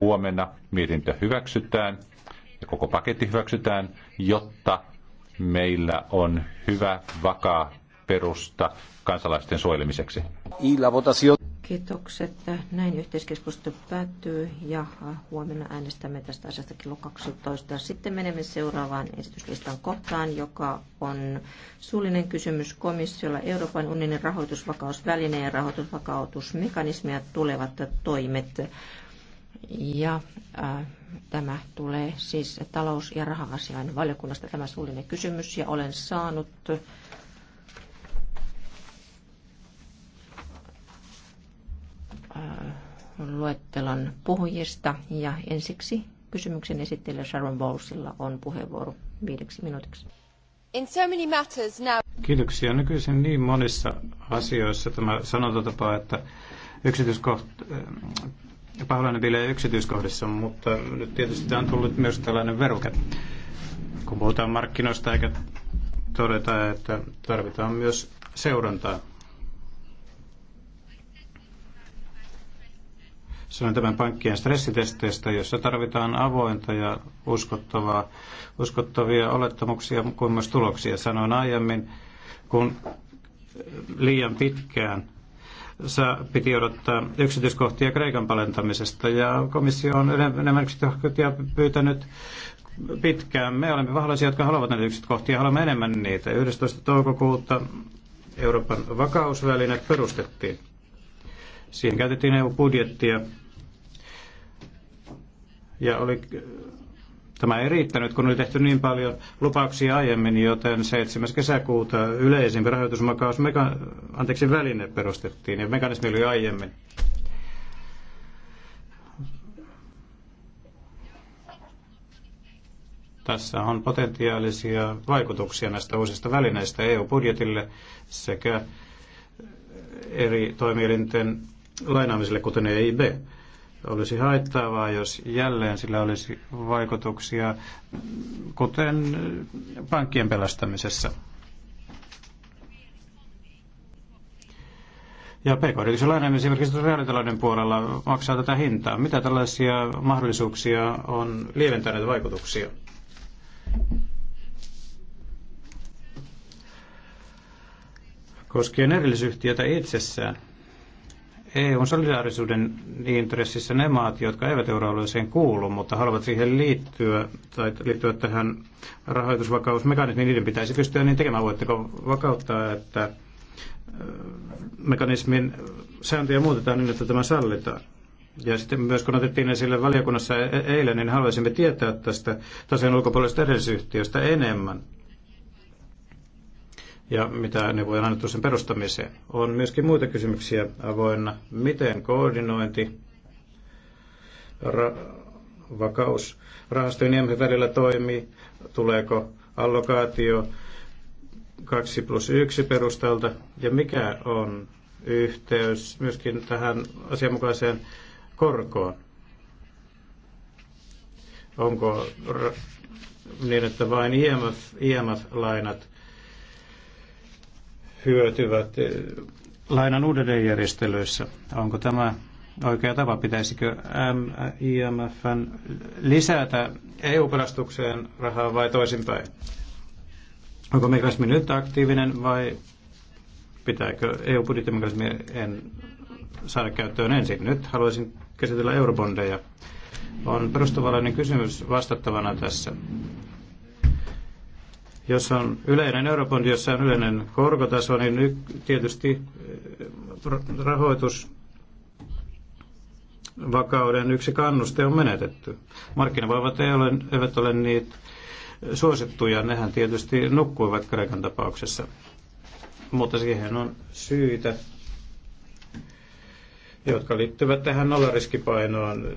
huomenna mietintö hyväksytään ja koko paketti hyväksytään, jotta meillä on hyvä, vakaa perusta kansalaisten suojelemiseksi. Kiitokset. Näin yhteiskeskustelu päättyy ja huomenna äänestämme tästä asiasta kello 12. Sitten menemme seuraavaan esityslistan kohtaan, joka on suullinen kysymys komissiolla Euroopan unionin rahoitusvakausväline ja rahoitusvakautusmekanismia tulevat toimet. Ja ää, äh, tämä tulee siis talous- ja raha-asiain valiokunnasta tämä suullinen kysymys ja olen saanut äh, luettelon puhujista ja ensiksi kysymyksen esittelijä Sharon Bowlesilla on puheenvuoro viideksi minuutiksi. In so many matters now. Kiitoksia. Nykyisin niin monissa asioissa tämä sanontatapa, että yksityiskoht- pahoillani vielä yksityiskohdissa, mutta nyt tietysti on tullut myös tällainen veruke. Kun puhutaan markkinoista eikä todeta, että tarvitaan myös seurantaa. on tämän pankkien stressitesteistä, jossa tarvitaan avointa ja uskottavaa, uskottavia olettamuksia kuin myös tuloksia. Sanoin aiemmin, kun liian pitkään Sä piti odottaa yksityiskohtia Kreikan palentamisesta ja komissio on enemmän yksityiskohtia pyytänyt pitkään. Me olemme vahvallisia, jotka haluavat näitä yksityiskohtia, haluamme enemmän niitä. 11. toukokuuta Euroopan vakausväline perustettiin. Siihen käytettiin EU-budjettia ja oli Tämä ei riittänyt, kun oli tehty niin paljon lupauksia aiemmin, joten 7. kesäkuuta yleisin rahoitusmakaus, meka- anteeksi, väline perustettiin ja mekanismi oli aiemmin. Tässä on potentiaalisia vaikutuksia näistä uusista välineistä EU-budjetille sekä eri toimielinten lainaamiselle, kuten EIB. Olisi haittaavaa, jos jälleen sillä olisi vaikutuksia, kuten pankkien pelastamisessa. Ja pk lainaaminen esimerkiksi reaalitalouden puolella maksaa tätä hintaa. Mitä tällaisia mahdollisuuksia on lieventäneet vaikutuksia? Koskien erillisyhtiötä itsessään, EUn solidaarisuuden intressissä ne maat, jotka eivät euroalueeseen kuulu, mutta haluavat siihen liittyä tai liittyä tähän rahoitusvakausmekanismiin, niiden pitäisi pystyä niin tekemään. Voitteko vakauttaa, että mekanismin sääntöjä muutetaan niin, että tämä sallitaan? Ja sitten myös kun otettiin esille valiokunnassa e-, eilen, niin haluaisimme tietää tästä taseen ulkopuolisesta edellisyhtiöstä enemmän ja mitä neuvoja on annettu sen perustamiseen. On myöskin muita kysymyksiä avoinna. Miten koordinointi, ra- vakaus rahastojen ja välillä toimii? Tuleeko allokaatio 2 plus 1 perustalta? Ja mikä on yhteys myöskin tähän asianmukaiseen korkoon? Onko niin, että vain IMF, IMF-lainat hyötyvät eh, lainan uudelleenjärjestelyissä. Onko tämä oikea tapa? Pitäisikö IMFn lisätä EU-pelastukseen rahaa vai toisinpäin? Onko mekanismi nyt aktiivinen vai pitääkö EU-budjettimekanismi en saada käyttöön ensin? Nyt haluaisin käsitellä eurobondeja. On perustuvallinen kysymys vastattavana tässä jos on yleinen eurobondi, jossa on yleinen korkotaso, niin nyt tietysti eh, rahoitus vakauden yksi kannuste on menetetty. Markkinavoimat ei ole, eivät ole niitä suosittuja, nehän tietysti nukkuivat Kreikan tapauksessa. Mutta siihen on syitä, jotka liittyvät tähän nollariskipainoon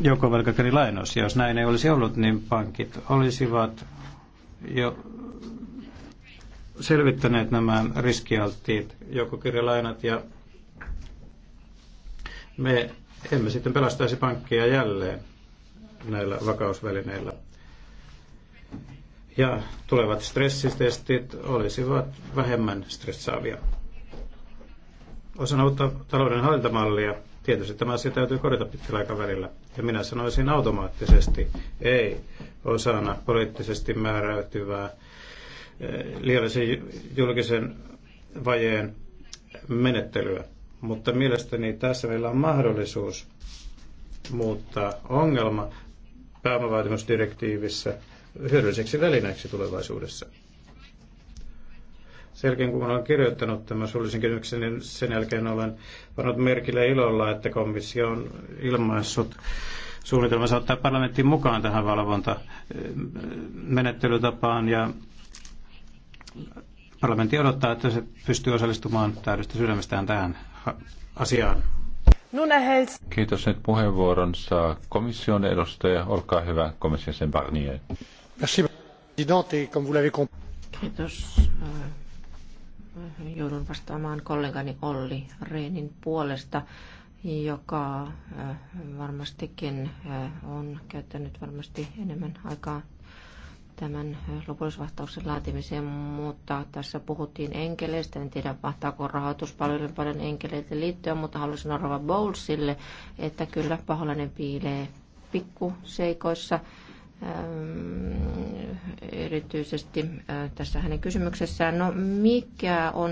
joko Jos näin ei olisi ollut, niin pankit olisivat jo selvittäneet nämä riskialttiit joukkokirjalainat ja me emme sitten pelastaisi pankkia jälleen näillä vakausvälineillä. Ja tulevat stressitestit olisivat vähemmän stressaavia. Osana uutta talouden hallintamallia Tietysti tämä asia täytyy korjata pitkällä aikavälillä. Ja minä sanoisin automaattisesti, ei osana poliittisesti määräytyvää eh, liiallisen julkisen vajeen menettelyä. Mutta mielestäni tässä meillä on mahdollisuus muuttaa ongelma pääomavaatimusdirektiivissä hyödylliseksi välineeksi tulevaisuudessa. Sen jälkeen kun olen kirjoittanut tämän suullisen kysymyksen, niin sen jälkeen olen pannut merkille ilolla, että komissio on ilmaissut suunnitelmansa ottaa parlamentin mukaan tähän valvontamenettelytapaan ja parlamentti odottaa, että se pystyy osallistumaan täydestä sydämestään tähän asiaan. Kiitos nyt puheenvuoron saa komission edustaja. Olkaa hyvä, komission sen Barnier. Kiitos joudun vastaamaan kollegani Olli Reenin puolesta, joka äh, varmastikin äh, on käyttänyt varmasti enemmän aikaa tämän äh, lopullisvastauksen laatimiseen, mutta tässä puhuttiin enkeleistä. En tiedä, vahtaako rahoitus paljon enkeleitä liittyen, mutta haluaisin arvoa Bowlesille, että kyllä paholainen piilee pikkuseikoissa. seikoissa erityisesti tässä hänen kysymyksessään. No mikä on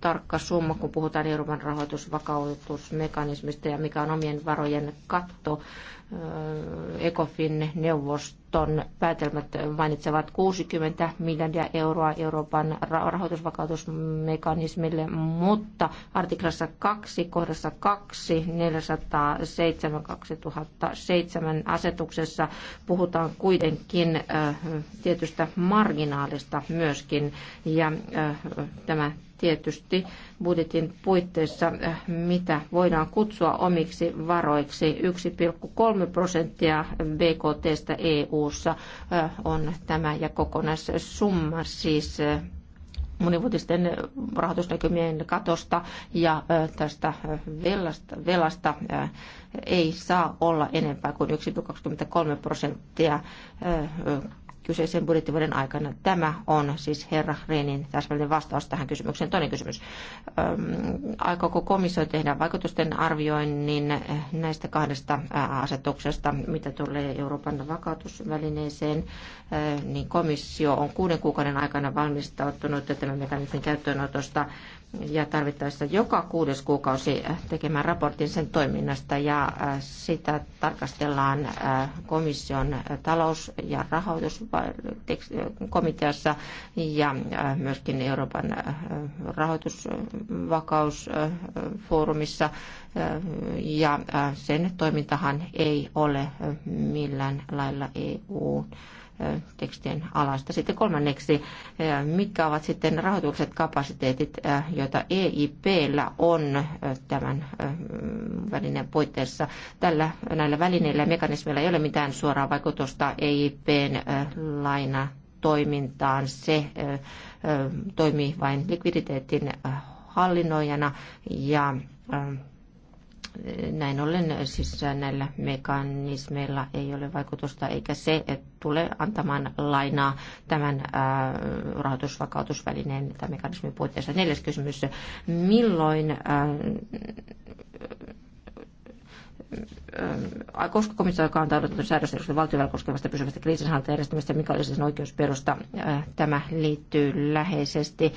tarkka summa, kun puhutaan Euroopan rahoitusvakautusmekanismista ja mikä on omien varojen katto? ECOFIN neuvosto tuon päätelmät mainitsevat 60 miljardia euroa Euroopan rahoitusvakautusmekanismille, mutta artiklassa 2, kohdassa 2, 407 2007 asetuksessa puhutaan kuitenkin tietystä marginaalista myöskin, ja tämä tietysti budjetin puitteissa, äh, mitä voidaan kutsua omiksi varoiksi. 1,3 prosenttia BKTstä EU-ssa äh, on tämä ja kokonaissumma siis äh, monivuotisten rahoitusnäkymien katosta ja tästä velasta, velasta ei saa olla enempää kuin 1,23 prosenttia kyseisen budjettivuoden aikana. Tämä on siis herra Reinin täsmällinen vastaus tähän kysymykseen. Toinen kysymys. Aikooko komissio tehdä vaikutusten arvioinnin näistä kahdesta asetuksesta, mitä tulee Euroopan vakautusvälineeseen, niin komissio on kuuden kuukauden aikana valmistautunut tämän mekanismin käyttöönotosta ja tarvittaessa joka kuudes kuukausi tekemään raportin sen toiminnasta ja äh, sitä tarkastellaan äh, komission talous- ja rahoituskomiteassa ja äh, myöskin Euroopan rahoitusvakausfoorumissa ja sen toimintahan ei ole millään lailla EU tekstien alasta. Sitten kolmanneksi, mitkä ovat sitten rahoitukset, kapasiteetit, joita EIPllä on tämän välineen puitteissa. Tällä, näillä välineillä ja mekanismeilla ei ole mitään suoraa vaikutusta EIPn laina toimintaan. Se toimii vain likviditeetin hallinnoijana ja näin ollen siis näillä mekanismeilla ei ole vaikutusta, eikä se tule antamaan lainaa tämän äh, rahoitusvakautusvälineen tai mekanismin puitteissa. Neljäs kysymys. Milloin äh, äh, koska komissio on odotettu säädösehdotus valtiovel koskevasta pysyvästä kriisinhallintajärjestelmästä, mikä olisi siis sen oikeusperusta. Tämä liittyy läheisesti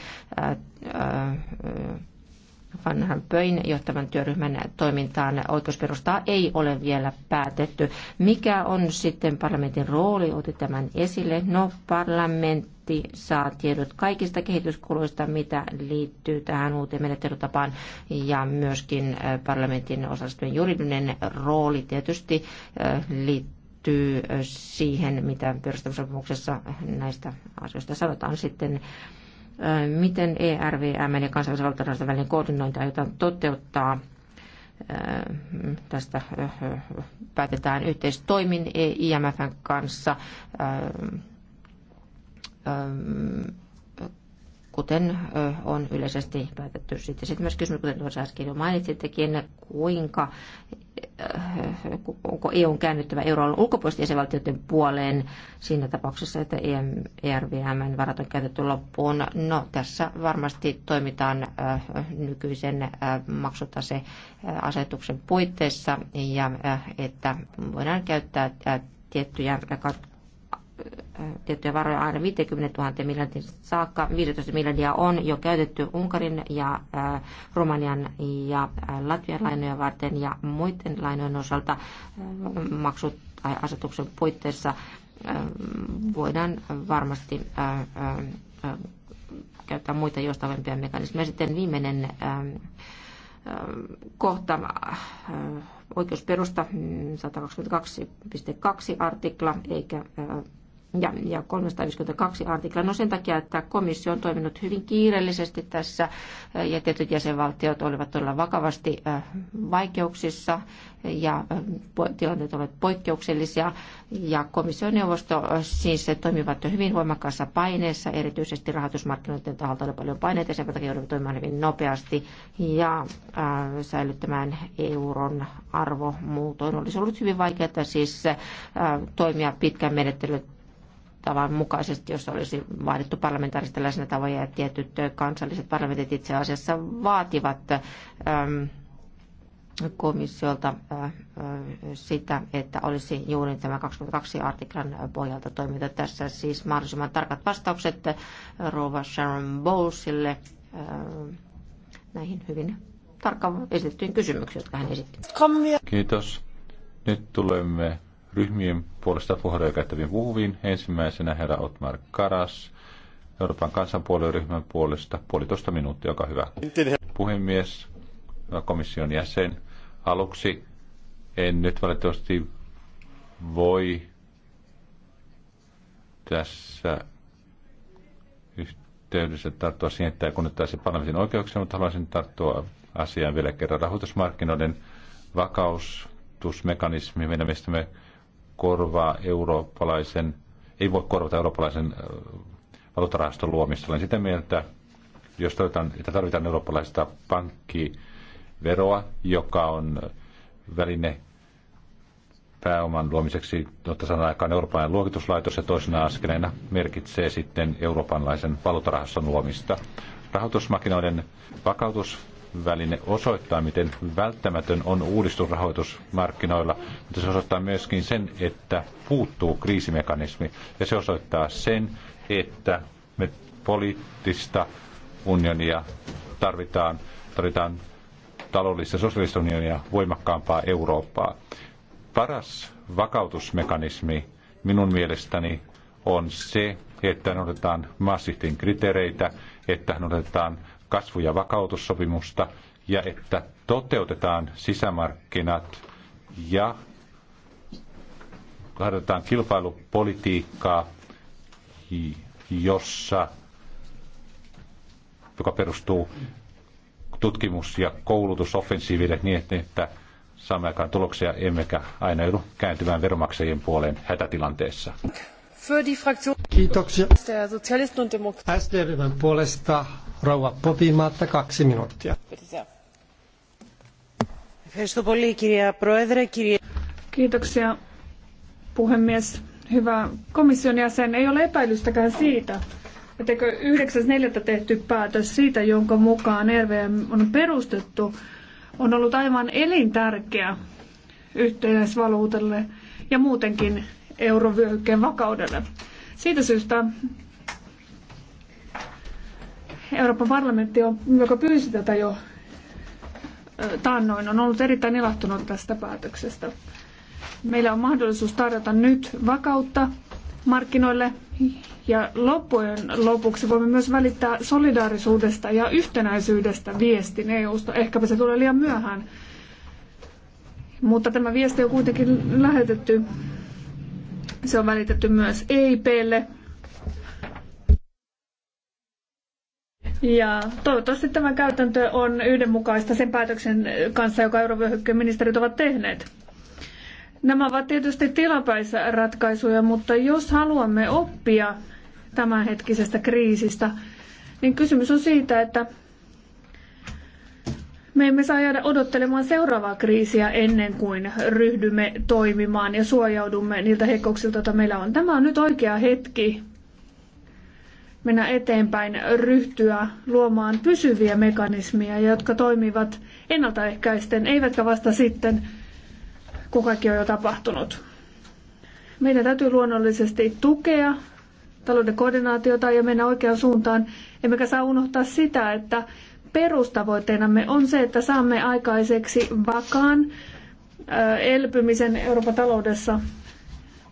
Van Pöin johtavan työryhmän toimintaan oikeusperustaa ei ole vielä päätetty. Mikä on sitten parlamentin rooli? Otit tämän esille. No, parlamentti saa tiedot kaikista kehityskuluista, mitä liittyy tähän uuteen menettelytapaan ja myöskin äh, parlamentin osallistujen juridinen rooli tietysti äh, liittyy äh, siihen, mitä perustamisopimuksessa näistä asioista sanotaan sitten miten ERVM ja kansainvälisen valtarahaston välinen koordinointi aiotaan toteuttaa. Tästä päätetään yhteistoimin e IMFn kanssa kuten on yleisesti päätetty. Sitten, sit myös kysymys, kuten tuossa äsken jo mainitsittekin, kuinka onko EU on käännyttävä euroalueen ulkopuolisten jäsenvaltioiden puoleen siinä tapauksessa, että ERVMn e varat on käytetty loppuun. No, tässä varmasti toimitaan nykyisen maksutaseasetuksen asetuksen puitteissa ja että voidaan käyttää tiettyjä tiettyjä varoja aina 50 000 miljardin saakka. 15 miljardia on jo käytetty Unkarin ja äh, Romanian ja äh, Latvian lainoja varten ja muiden lainojen osalta äh, maksut tai asetuksen puitteissa voidaan varmasti käyttää muita joustavampia mekanismeja. Sitten viimeinen kohta oikeusperusta 122.2 mm, artikla eikä ja, ja 352 artikla. No sen takia, että komissio on toiminut hyvin kiireellisesti tässä eh, ja tietyt jäsenvaltiot olivat todella vakavasti eh, vaikeuksissa eh, ja tilanteet ovat poikkeuksellisia ja komission neuvosto siis toimivat hyvin voimakkaassa paineessa, erityisesti rahoitusmarkkinoiden taholta oli paljon paineita ja sen takia joudumme toimimaan hyvin nopeasti ja äh, säilyttämään euron arvo muutoin. Olisi ollut hyvin vaikeaa siis äh, toimia pitkän menettelyn tavan mukaisesti, jos olisi vaadittu parlamentaarista läsnätavoja ja tietyt kansalliset parlamentit itse asiassa vaativat ähm, komissiolta äh, äh, sitä, että olisi juuri tämä 22 artiklan pohjalta toiminta. Tässä siis mahdollisimman tarkat vastaukset äh, Rova Sharon Bowlesille näihin hyvin tarkkaan esitettyihin kysymyksiin, jotka hän esitti. Kiitos. Nyt tulemme ryhmien puolesta puheenjohtaja käyttäviin puhuviin. Ensimmäisenä herra Otmar Karas, Euroopan kansanpuolueryhmän puolesta puolitoista minuuttia, joka hyvä. Puhemies, komission jäsen, aluksi en nyt valitettavasti voi tässä yhteydessä tarttua siihen, että kun nyt parlamentin oikeuksia, mutta haluaisin tarttua asiaan vielä kerran. Rahoitusmarkkinoiden vakaustusmekanismi, meidän mielestämme me korvaa eurooppalaisen, ei voi korvata eurooppalaisen valuuttarahaston luomista. Olen sitä mieltä, jos tarvitaan, että tarvitaan eurooppalaista pankkiveroa, joka on väline pääoman luomiseksi, jotta sanan aikaan eurooppalainen luokituslaitos ja toisena askeleena merkitsee sitten eurooppalaisen valuuttarahaston luomista. Rahoitusmarkkinoiden vakautus väline osoittaa, miten välttämätön on uudistusrahoitus markkinoilla, mutta se osoittaa myöskin sen, että puuttuu kriisimekanismi. Ja se osoittaa sen, että me poliittista unionia tarvitaan, tarvitaan taloudellista ja sosiaalista unionia, voimakkaampaa Eurooppaa. Paras vakautusmekanismi minun mielestäni on se, että noudatetaan Maastrichtin kriteereitä, että noudatetaan kasvu- ja vakautussopimusta ja että toteutetaan sisämarkkinat ja harjoitetaan kilpailupolitiikkaa, jossa, joka perustuu tutkimus- ja koulutusoffensiiville niin, että saamme aikaan tuloksia emmekä aina joudu kääntymään veromaksajien puoleen hätätilanteessa. Kiitoksia. SD-ryhmän puolesta Rouva Popimaatta kaksi minuuttia. Kiitoksia puhemies. Hyvä komission jäsen, ei ole epäilystäkään siitä, etteikö 9.4. tehty päätös siitä, jonka mukaan EVM on perustettu, on ollut aivan elintärkeä yhteisvaluutalle ja muutenkin eurovyöhykkeen vakaudelle. Siitä syystä Euroopan parlamentti, on, joka pyysi tätä jo taannoin, on ollut erittäin ilahtunut tästä päätöksestä. Meillä on mahdollisuus tarjota nyt vakautta markkinoille ja loppujen lopuksi voimme myös välittää solidaarisuudesta ja yhtenäisyydestä viestin EU-sta. Ehkäpä se tulee liian myöhään. Mutta tämä viesti on kuitenkin lähetetty. Se on välitetty myös EIPlle, Ja toivottavasti tämä käytäntö on yhdenmukaista sen päätöksen kanssa, joka eurovyöhykkeen ministerit ovat tehneet. Nämä ovat tietysti tilapäisratkaisuja, mutta jos haluamme oppia tämänhetkisestä kriisistä, niin kysymys on siitä, että me emme saa jäädä odottelemaan seuraavaa kriisiä ennen kuin ryhdymme toimimaan ja suojaudumme niiltä heikkouksilta, joita meillä on. Tämä on nyt oikea hetki mennä eteenpäin, ryhtyä luomaan pysyviä mekanismeja, jotka toimivat ennaltaehkäisten, eivätkä vasta sitten, kun kaikki on jo tapahtunut. Meidän täytyy luonnollisesti tukea talouden koordinaatiota ja mennä oikeaan suuntaan, emmekä saa unohtaa sitä, että perustavoitteenamme on se, että saamme aikaiseksi vakaan elpymisen Euroopan taloudessa.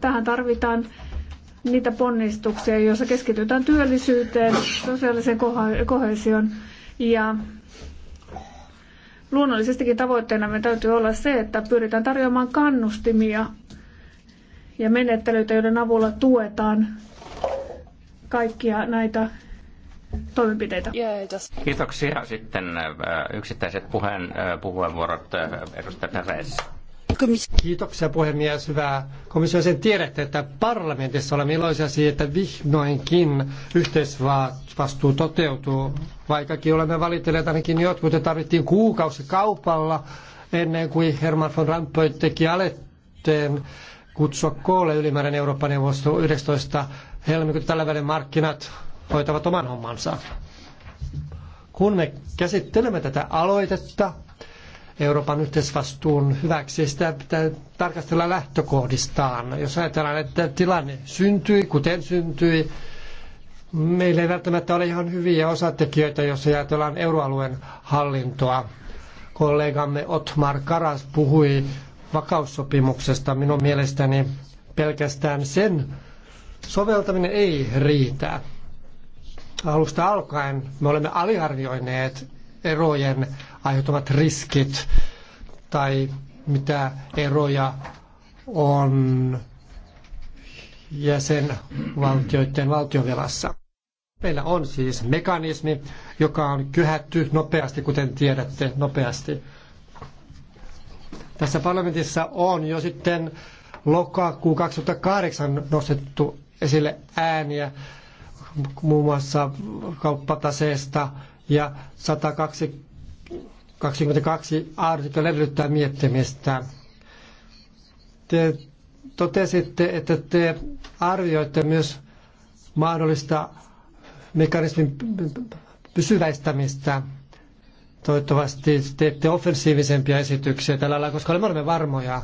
Tähän tarvitaan niitä ponnistuksia, joissa keskitytään työllisyyteen, sosiaaliseen kohesioon ja luonnollisestikin tavoitteena me täytyy olla se, että pyritään tarjoamaan kannustimia ja menettelyitä, joiden avulla tuetaan kaikkia näitä toimenpiteitä. Kiitoksia. Sitten äh, yksittäiset puheen, äh, puheenvuorot äh, edustaja Perez. Kiitoksia puhemies. Hyvää komissio sen tiedätte, että parlamentissa olemme iloisia siitä, että vihdoinkin yhteisvastuu toteutuu. Vaikkakin olemme valitelleet ainakin jotkut, että tarvittiin kuukausi kaupalla ennen kuin Herman von Rompuy teki aletteen kutsua koolle ylimääräinen Euroopan neuvosto 19. helmikuuta tällä välin markkinat hoitavat oman hommansa. Kun me käsittelemme tätä aloitetta, Euroopan yhteisvastuun hyväksi. Sitä pitää tarkastella lähtökohdistaan. Jos ajatellaan, että tilanne syntyi, kuten syntyi, meillä ei välttämättä ole ihan hyviä osatekijöitä, jos ajatellaan euroalueen hallintoa. Kollegamme Otmar Karas puhui vakaussopimuksesta. Minun mielestäni pelkästään sen soveltaminen ei riitä. Alusta alkaen me olemme aliarvioineet erojen aiheutuvat riskit tai mitä eroja on jäsenvaltioiden valtiovelassa. Meillä on siis mekanismi, joka on kyhätty nopeasti, kuten tiedätte, nopeasti. Tässä parlamentissa on jo sitten lokakuu 2008 nostettu esille ääniä muun muassa kauppataseesta ja 120 22 artikla edellyttää miettimistä. Te totesitte, että te arvioitte myös mahdollista mekanismin pysyväistämistä. Toivottavasti teette offensiivisempia esityksiä tällä lailla, koska olemme varmoja,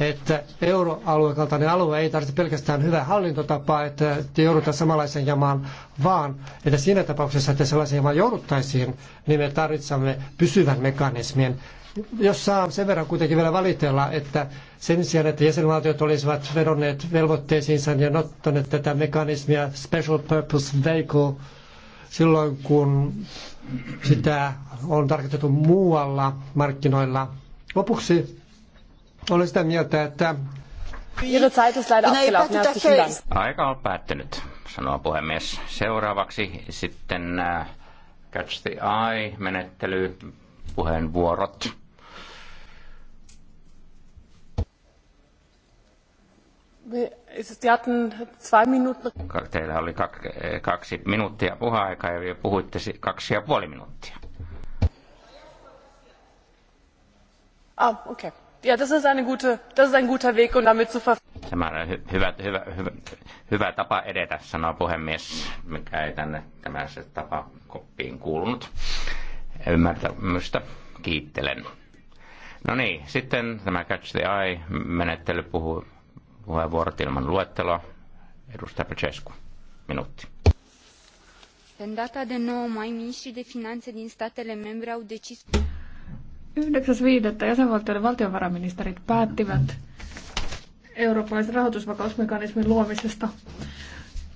että euroalueen kaltainen alue ei tarvitse pelkästään hyvää hallintotapaa, että joudutaan samanlaisen jamaan, vaan että siinä tapauksessa, että sellaisen jamaan jouduttaisiin, niin me tarvitsemme pysyvän mekanismin. Jos saa sen verran kuitenkin vielä valitella, että sen sijaan, että jäsenvaltiot olisivat vedonneet velvoitteisiinsa ja niin ottaneet tätä mekanismia special purpose vehicle silloin, kun sitä on tarkoitettu muualla markkinoilla. Lopuksi olen sitä mieltä, että... Aika on päättynyt, sanoo puhemies. Seuraavaksi sitten äh, Catch the Eye-menettely, puheenvuorot. Siis teillä oli eh, kaksi minuuttia puha-aikaa ja puhuitte kaksi ja puoli minuuttia. Ah, okei. Okay. Ja, das ist, eine gute, das ist ein guter Weg, um damit zu Tämä on hy, hyvä, hyvä, hyvä, hyvä tapa edetä, sanoo puhemies, mikä ei tänne tämä se tapa koppiin kuulunut. Ymmärtämystä kiittelen. No niin, sitten tämä Catch the Eye-menettely puhuu puheenvuorot ilman luetteloa. Edustaja Pacescu, minuutti. În de 9 mai, ministrii de finanțe din statele membre au decis... 9.5. jäsenvaltioiden valtiovarainministerit päättivät eurooppalaisen rahoitusvakausmekanismin luomisesta.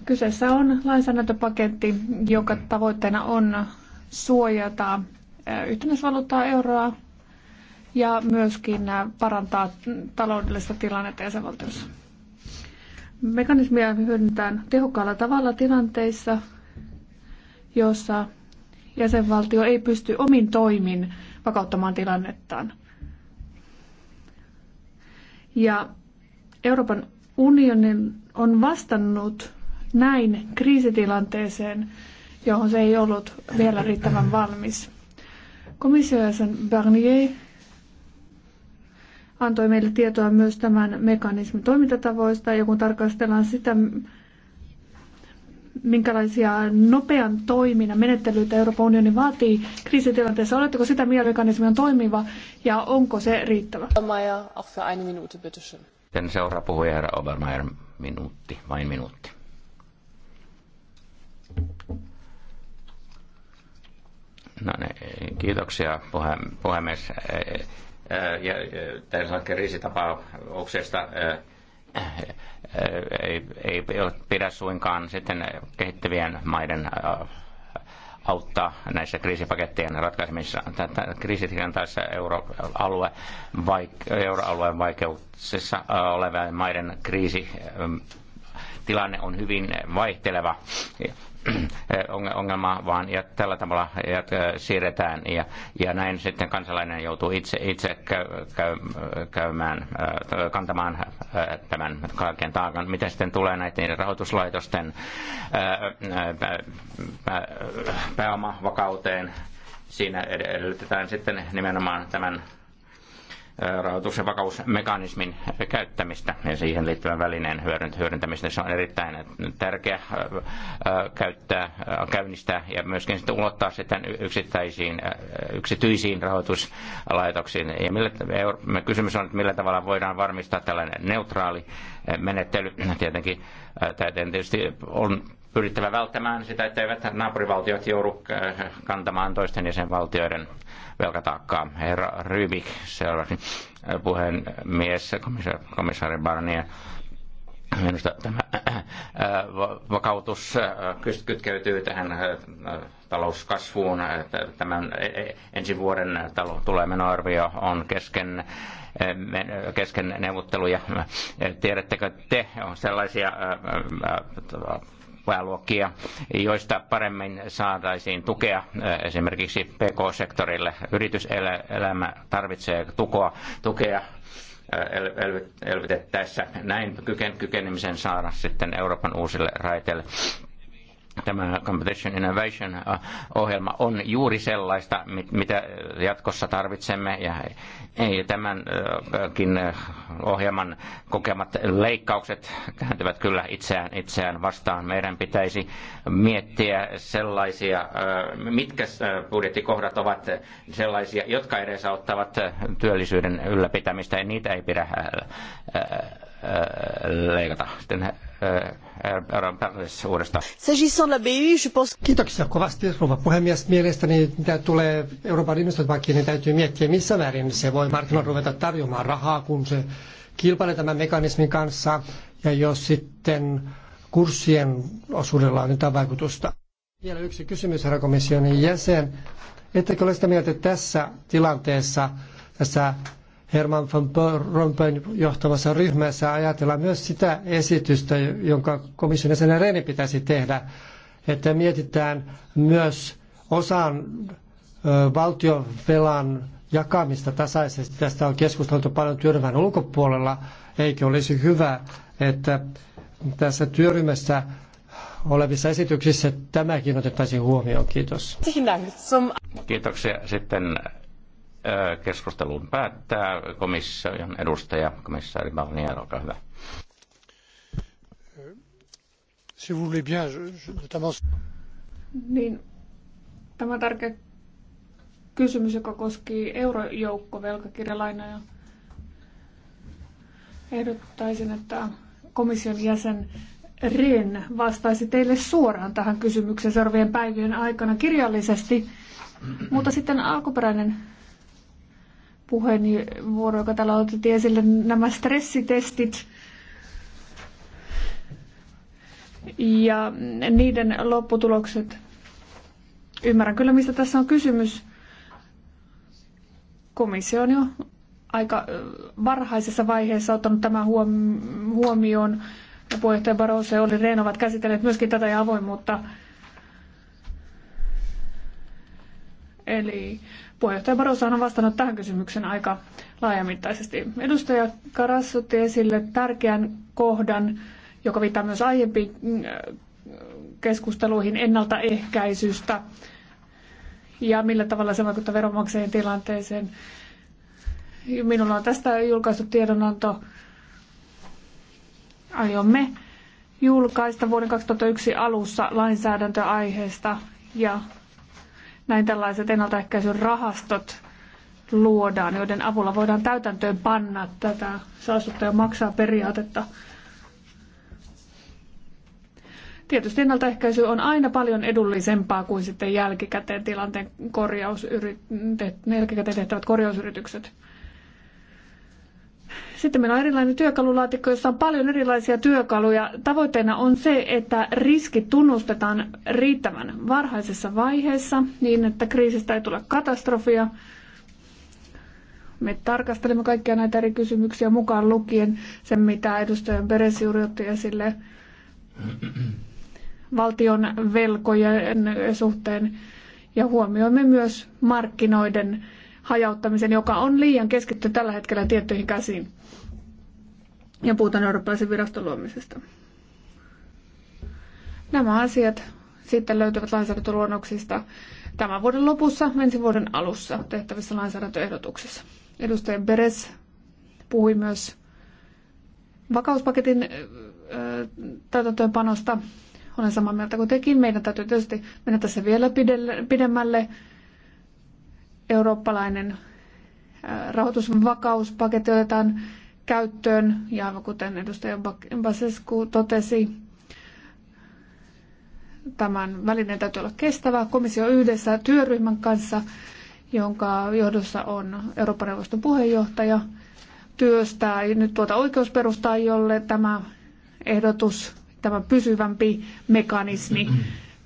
Kyseessä on lainsäädäntöpaketti, joka tavoitteena on suojata yhtenäisvaluuttaa euroa ja myöskin parantaa taloudellista tilannetta jäsenvaltiossa. Mekanismia hyödynnetään tehokkaalla tavalla tilanteissa, joissa jäsenvaltio ei pysty omin toimin vakauttamaan tilannettaan. Ja Euroopan unioni on vastannut näin kriisitilanteeseen, johon se ei ollut vielä riittävän valmis. Komissiojäsen Barnier antoi meille tietoa myös tämän mekanismin toimintatavoista, ja kun tarkastellaan sitä, minkälaisia nopean toiminnan menettelyitä Euroopan unioni vaatii kriisitilanteessa. Oletteko sitä mielmekanismi on toimiva ja onko se riittävä? Obermeier, auch für eine Minute, bitte schön. Sen seuraa puhuja herra Obermeier, minuutti, vain minuutti. No niin, kiitoksia puhe, puhemies. E, e, Tässä kriisitapauksesta ei, ei, ei ole pidä suinkaan sitten kehittyvien maiden auttaa näissä kriisipakettien ratkaisemissa. Tätä kriisitilanteessa euroalue, vaik, euroalueen vaikeuksissa olevien maiden kriisi tilanne on hyvin vaihteleva ongelma, vaan ja tällä tavalla siirretään ja, ja näin sitten kansalainen joutuu itse, itse käy, käy, käymään, kantamaan tämän kaiken taakan. Mitä sitten tulee näiden rahoituslaitosten pääomavakauteen, siinä edellytetään sitten nimenomaan tämän ja vakausmekanismin käyttämistä ja siihen liittyvän välineen hyödyntämistä. Se on erittäin tärkeä käyttää, käynnistää ja myöskin sitten ulottaa sitten yksittäisiin, yksityisiin rahoituslaitoksiin. Ja millä, kysymys on, että millä tavalla voidaan varmistaa tällainen neutraali menettely. Tietenkin tietysti on pyrittävä välttämään sitä, etteivät naapurivaltiot joudu äh, kantamaan toisten jäsenvaltioiden velkataakkaa. Herra Rybik, seuraavaksi äh, puheenmies, komissaari Barnier. Minusta tämä äh, vakautus kytkeytyy tähän talouskasvuun. Tämän e, e, ensi vuoden tulemenoarvio on kesken kesken neuvotteluja. Tiedättekö te on sellaisia pääluokkia, joista paremmin saataisiin tukea eh, esimerkiksi PK-sektorille. Yrityselämä tarvitsee tukoa, tukea eh, elvytettäessä. Näin kykenemisen saada sitten Euroopan uusille raiteille tämä Competition Innovation-ohjelma äh, on juuri sellaista, mitä jatkossa tarvitsemme. Ja ei tämänkin äh, äh, ohjelman kokemat leikkaukset kääntyvät kyllä itseään, itseään vastaan. Meidän pitäisi miettiä sellaisia, mitkä budjettikohdat ovat sellaisia, jotka edesauttavat työllisyyden ylläpitämistä. Ja niitä ei pidä leikata. Sitten Eh, uudestaan. Kiitoksia kovasti, rouva puhemies. Mielestäni mitä tulee Euroopan investointipankkiin, niin täytyy miettiä, missä määrin se voi markkinoilla ruveta tarjoamaan rahaa, kun se kilpailee tämän mekanismin kanssa, ja jos sitten kurssien osuudella on jotain vaikutusta. Vielä yksi kysymys, herra komissionin jäsen. Ettekö ole sitä mieltä, että tässä tilanteessa, tässä Herman van Rompuyn johtamassa ryhmässä ajatella myös sitä esitystä, jonka komission jäsenen Reni pitäisi tehdä, että mietitään myös osan valtiovelan jakamista tasaisesti. Tästä on keskusteltu paljon työryhmän ulkopuolella, eikö olisi hyvä, että tässä työryhmässä olevissa esityksissä tämäkin otettaisiin huomioon. Kiitos. Kiitoksia. Sitten keskustelun päättää komission edustaja, komissaari Barnier, olkaa hyvä. Si vous voulez bien, je, je, Niin, tämä on tärkeä kysymys, joka koski eurojoukkovelkakirjalainoja. Ehdottaisin, että komission jäsen Ren vastaisi teille suoraan tähän kysymykseen seuraavien päivien aikana kirjallisesti, mutta sitten alkuperäinen puheenvuoro, joka täällä otettiin esille, nämä stressitestit ja niiden lopputulokset. Ymmärrän kyllä, mistä tässä on kysymys. Komissio on jo aika varhaisessa vaiheessa ottanut tämän huomioon. Puheenjohtaja Barroso ja Olli Rehn ovat käsitelleet myöskin tätä ja avoimuutta Eli puheenjohtaja Barossa on vastannut tähän kysymykseen aika laajamittaisesti. Edustaja Karas otti esille tärkeän kohdan, joka viittaa myös aiempiin äh, keskusteluihin ennaltaehkäisystä ja millä tavalla se vaikuttaa veronmaksajien tilanteeseen. Minulla on tästä julkaistu tiedonanto. Aiomme julkaista vuoden 2001 alussa lainsäädäntöaiheesta ja näin tällaiset ennaltaehkäisyn rahastot luodaan, joiden avulla voidaan täytäntöön panna tätä saastuttaja maksaa periaatetta. Tietysti ennaltaehkäisy on aina paljon edullisempaa kuin sitten jälkikäteen tilanteen korjaus, jälkikäteen tehtävät korjausyritykset. Sitten meillä on erilainen työkalulaatikko, jossa on paljon erilaisia työkaluja. Tavoitteena on se, että riski tunnustetaan riittävän varhaisessa vaiheessa niin, että kriisistä ei tule katastrofia. Me tarkastelemme kaikkia näitä eri kysymyksiä mukaan lukien sen, mitä edustajan Peresi otti esille valtion velkojen suhteen ja huomioimme myös markkinoiden hajauttamisen, joka on liian keskittynyt tällä hetkellä tiettyihin käsiin. Ja puhutaan eurooppalaisen viraston luomisesta. Nämä asiat sitten löytyvät lainsäädäntöluonnoksista tämän vuoden lopussa, ensi vuoden alussa tehtävissä lainsäädäntöehdotuksissa. Edustaja Beres puhui myös vakauspaketin täytäntöönpanosta. Olen samaa mieltä kuin tekin. Meidän täytyy tietysti mennä tässä vielä pidemmälle eurooppalainen äh, rahoitusvakauspaketti otetaan käyttöön, ja aivan kuten edustaja Basescu totesi, tämän välineen täytyy olla kestävä. Komissio yhdessä työryhmän kanssa, jonka johdossa on Euroopan neuvoston puheenjohtaja, työstää nyt tuota oikeusperustaa, jolle tämä ehdotus, tämä pysyvämpi mekanismi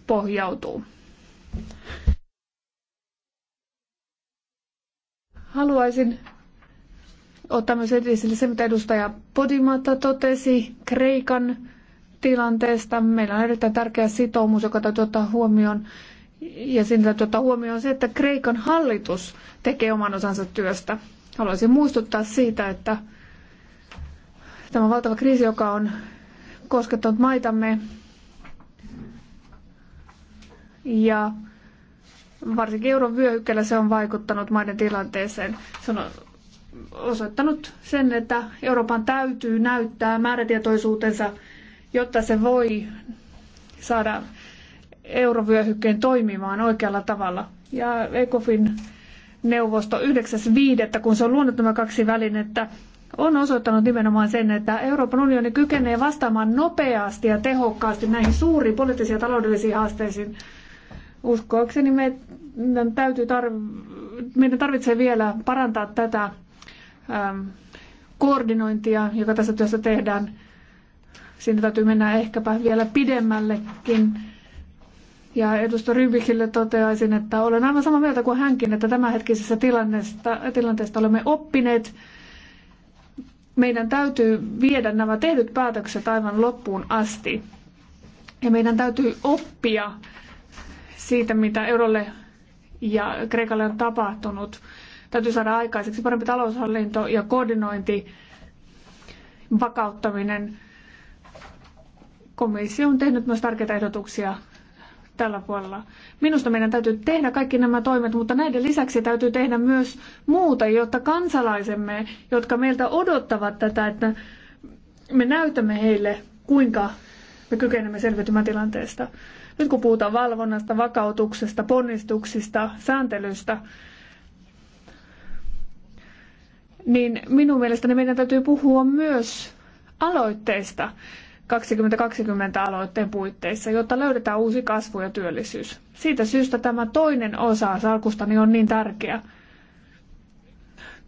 pohjautuu. Haluaisin ottaa myös esille se, mitä edustaja Podimata totesi Kreikan tilanteesta. Meillä on erittäin tärkeä sitoumus, joka täytyy ottaa huomioon. Ja siinä täytyy ottaa huomioon se, että Kreikan hallitus tekee oman osansa työstä. Haluaisin muistuttaa siitä, että tämä valtava kriisi, joka on koskettanut maitamme ja Varsinkin euron vyöhykkeellä se on vaikuttanut maiden tilanteeseen. Se on osoittanut sen, että Euroopan täytyy näyttää määrätietoisuutensa, jotta se voi saada eurovyöhykkeen toimimaan oikealla tavalla. Ja ECOFIN neuvosto 9.5., kun se on luonut nämä kaksi välinettä, on osoittanut nimenomaan sen, että Euroopan unioni kykenee vastaamaan nopeasti ja tehokkaasti näihin suuriin poliittisiin ja taloudellisiin haasteisiin, Uskoakseni meidän, täytyy tarv- meidän tarvitsee vielä parantaa tätä äm, koordinointia, joka tässä työssä tehdään. Siinä täytyy mennä ehkäpä vielä pidemmällekin. Ja edusta Rybikille toteaisin, että olen aivan samaa mieltä kuin hänkin, että tämänhetkisessä tilanteesta, tilanteesta olemme oppineet. Meidän täytyy viedä nämä tehdyt päätökset aivan loppuun asti. Ja meidän täytyy oppia siitä, mitä eurolle ja Kreikalle on tapahtunut. Täytyy saada aikaiseksi parempi taloushallinto ja koordinointi, vakauttaminen. Komissio on tehnyt myös tärkeitä ehdotuksia tällä puolella. Minusta meidän täytyy tehdä kaikki nämä toimet, mutta näiden lisäksi täytyy tehdä myös muuta, jotta kansalaisemme, jotka meiltä odottavat tätä, että me näytämme heille, kuinka me kykenemme selviytymään tilanteesta. Nyt kun puhutaan valvonnasta, vakautuksesta, ponnistuksista, sääntelystä, niin minun mielestäni meidän täytyy puhua myös aloitteista 2020 aloitteen puitteissa, jotta löydetään uusi kasvu ja työllisyys. Siitä syystä tämä toinen osa salkustani on niin tärkeä.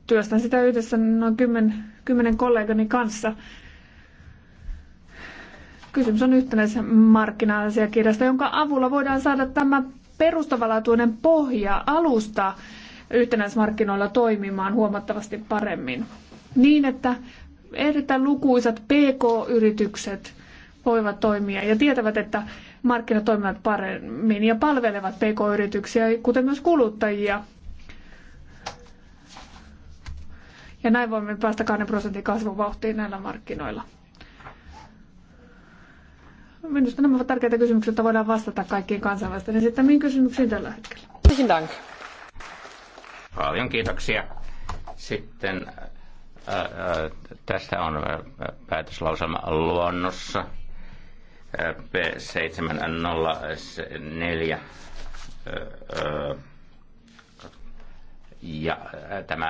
Työstän sitä yhdessä noin kymmen, kymmenen kollegani kanssa Kysymys on markkina asiakirjasta jonka avulla voidaan saada tämä perustavanlaatuinen pohja alusta yhtenäismarkkinoilla toimimaan huomattavasti paremmin. Niin, että erittäin lukuisat PK-yritykset voivat toimia ja tietävät, että markkinat toimivat paremmin ja palvelevat PK-yrityksiä, kuten myös kuluttajia. Ja näin voimme päästä 2 prosentin kasvuvauhtiin näillä markkinoilla. Minusta nämä ovat tärkeitä kysymyksiä, että voidaan vastata kaikkiin kansainvälisten esittämiin kysymyksiin tällä hetkellä. Dank. Paljon kiitoksia. Sitten ää, äh, äh, tästä on äh, päätöslauselma luonnossa P704 ja tämä